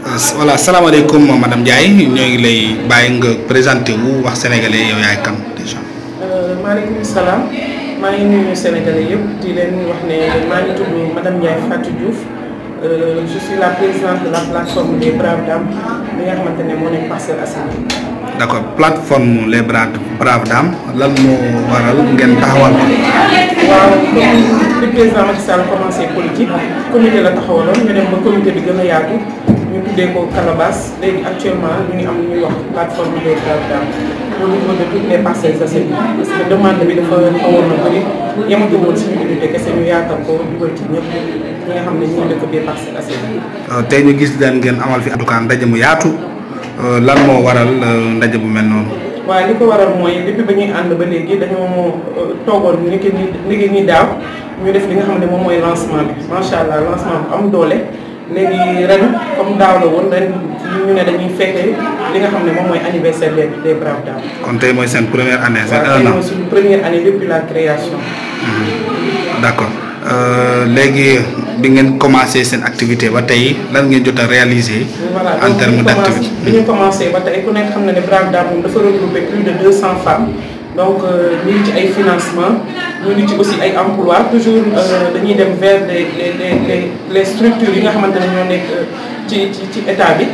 Euh, voilà salaamaaleykum madame Ndiaye ñoo ngi lay bàyyi nga présenté wu wax sénégalais yow yaay kan déjà. Euh, maaleykum salaam maa ngi nuyu sénégalais yëpp di leen wax ne maa ngi tudd madame Ndiaye Fatou Diouf euh, je suis la présidente de la plateforme des braves dames bi waral ngeen taxawal ko. waaw comme président Macky commencé politique comité la taxawaloon ñu dem ba comité bi gën a yaatu. ñu tuddee ko Calabas léegi actuellement ñu ngi am lu ñuy wax plateforme des Calabas au niveau de toutes les Parcelles Assainies parce que demande bi dafa xawoon na bëri yematu woon ñu yaatal ko dugal ci ñëpp ñi nga euh, ñu gis daan ngeen amal fi en ndaje mu yaatu euh, lan moo waral euh, ndaje bu mel noonu. waaw li ko waral mooy depuis ba ñuy ànd ba léegi dañoo toogoon ni ki ni ni ñu def li nga xam ne moom mooy lancement bi macha allah lancement bu am doole. léegi ren comme daaw la woon ren ñu ne dañuy fêté li nga xam ne moom mooy anniversaire des des braves dames. kon tey mooy seen première année. seen un an waaw suñu première année depuis la création. Mhm. d' accord euh, léegi bi ngeen commencé seen activité ba tey lan ngeen jot a réaliser. en terme d' activité voilà bi ñu commencé ba tey ku nekk xam na ne braves dames moom dafa regroupé plus de deux cent femmes. donc euh, ñu ngi ci ay financement ñu ngi ci aussi ay emploi toujours euh, dañuy dem vers les les les les structures yi nga xamante ne ñoo nekk euh, ci ci ci état bi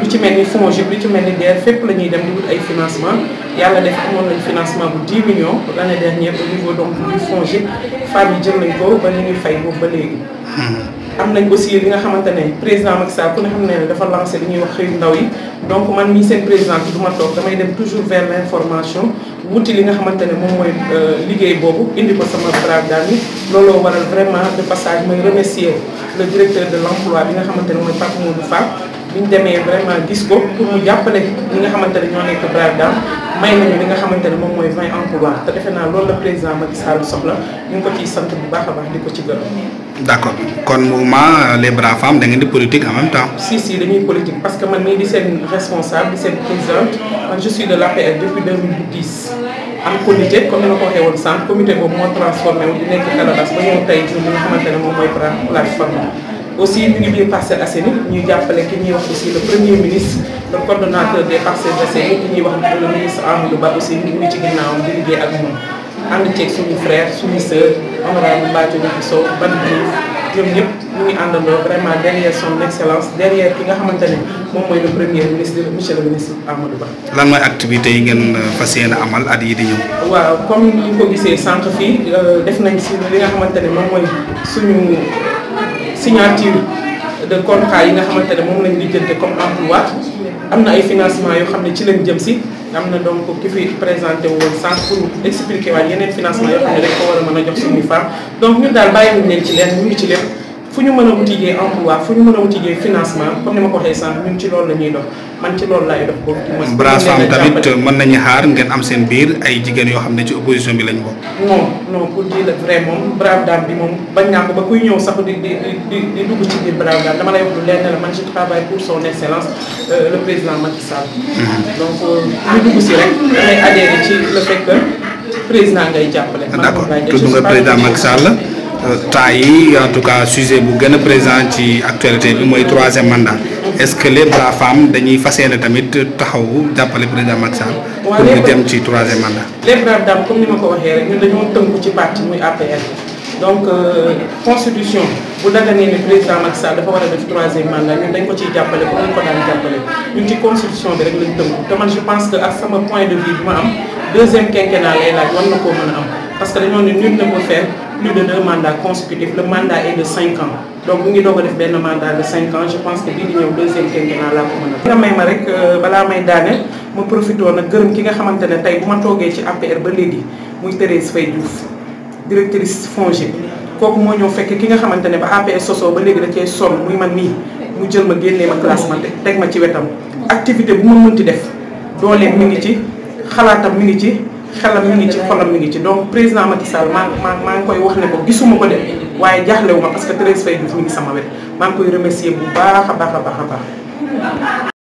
lu ci mel ni FONGIP lu ci mel ni DER fépp la ñuy dem di wut ay financement yàlla def amoon nañ financement bu 10 bu l'année dernière au niveau donc du FONGIP femmes yi jël nañ ko ba ñu ngi fay boobu ba léegi hmm. am nañ aussi li nga xamante ne président Macky Sall ku ne xam ne dafa lancé li ñuy wax xëyu ndaw yi donc man mi seen président bi ma toog damay dem toujours vers l' information wuti li nga xamante ne moom mooy euh, liggéey boobu indi ko sama programme yi looloo waral vraiment de passage mooy remercier le directeur de l' emploi bi nga xamante ne mooy Pape Modou Fall bi ñu demee vraiment gis ko pour mu jàppale ñi nga xamante ne ñoo nekk brave dame may nañu li nga xamante moom mooy vingt emplois te defe naa loolu la président Macky Sall di ko ci euh, man mii di seen responsable di seen présidente man am comité comme ni ko waxee woon sànq boobu moo transformé wu nekk Calabas ba ñëw tey jii li nga xamante moom mooy brave plateforme aussi ñu ngi biir Parcelles Assainies ñuy jàppale ki ñuy wax aussi le premier ministre le wax le ministre Amadou Ba ci ginnaawam di liggéey ak moom ànd ceeg suñu frère suñu sœur honorable Mbathio ban Diouf ñëpp ñu ngi àndandoo vraiment derrière son excellence derrière nga xamante ne moom mooy le premier ministre monsieur le ministre Amadou Ba. yi ngeen euh, fas yéene amal at yi di ñëw. waaw comme ñu ko gisee sànq fii euh, def nañ si li nga xamante ne moom mooy suñu. signature de contrat yi nga xamante ne moom lañ lijjante comme emploi am na ay financement yoo xam ne ci lañ jëm si am na donc ki fi présenté woon sànq pour expliquer waat yeneen financement yoo xam ne dañ ko war mën a jox suñuy femmes donc ñun daal bàyyiwuñ leen ci leen ñu ngi ci lépp fu ñu mën a wutijee emploi fu ñu mën a wutijee financement comme ni ma ko waxee sànq ñun ci loolu la ñuy dox man ci loolu laay dox boobu ci brasse femme tamit mën nañu xaar ngeen am seen biir ay jigéen yoo xam ne ci opposition bi lañ bokk non non pour dire le vrai moom brave dame bi moom bañ naa ko ba kuy ñëw sax di di di dugg ci biir brave dame dama lay wax lu lenn la man je travaille pour son excellence euh, le président Macky Sall mhm. donc euh, ñu dugg si rek damay le fait que président ngay jàppale d'accord tudd nga Euh, temps yi en tout cas sujet bu gën a présent ci actualité bi mooy troisième mandat est-ce que les braves femmes dañuy fas yéene tamit taxaw jàppale président Macky Sall. ma ko waxee rek ñun dañoo tënku ci parti muy APR donc euh, constitution bu daganee ne président Macky Sall dafa war a def troisième mandat ñun dañ ko ciy jàppale comme ni ko daan jàppale ñun ci constitution bi rek lañ tënku te man je pense que ak sama point de vue bi ma am deuxième quinquennat lay laaj war na koo mën a am parce que dañoo ne nul ne plus de deux mandats consécutifs le mandat est de cinq donc mu ngi doog ko def benn mandat de cinq ans je pense que bii di ñëw deuxième quinquennat laa ko mën a. nga may ma rek euh, balaa may daane ma profité nag gërëm ki nga xamante ne tey bu ma toogee ci APR ba léegi muy Thérèse Faye Diouf directrice FONGIP kooku moo ñëw fekk ki nga xamante ne ba APR sosoo ba léegi da cee sonn muy man nii mu jël ma génnee ma classement teg ma ci wetam activité bu ma mënti def dooleem mi ngi ci xalaatam mi ngi ci. xelam mi ngi ci xolam mi ngi ci donc président Macky Sall maa maa maa ngi koy wax ne ko gisuma ko de waaye jaaxlewu ma parce que Thérèse Faye Diouf mi ngi sama wet maa ngi koy remercier bu baax a baax a baax a baax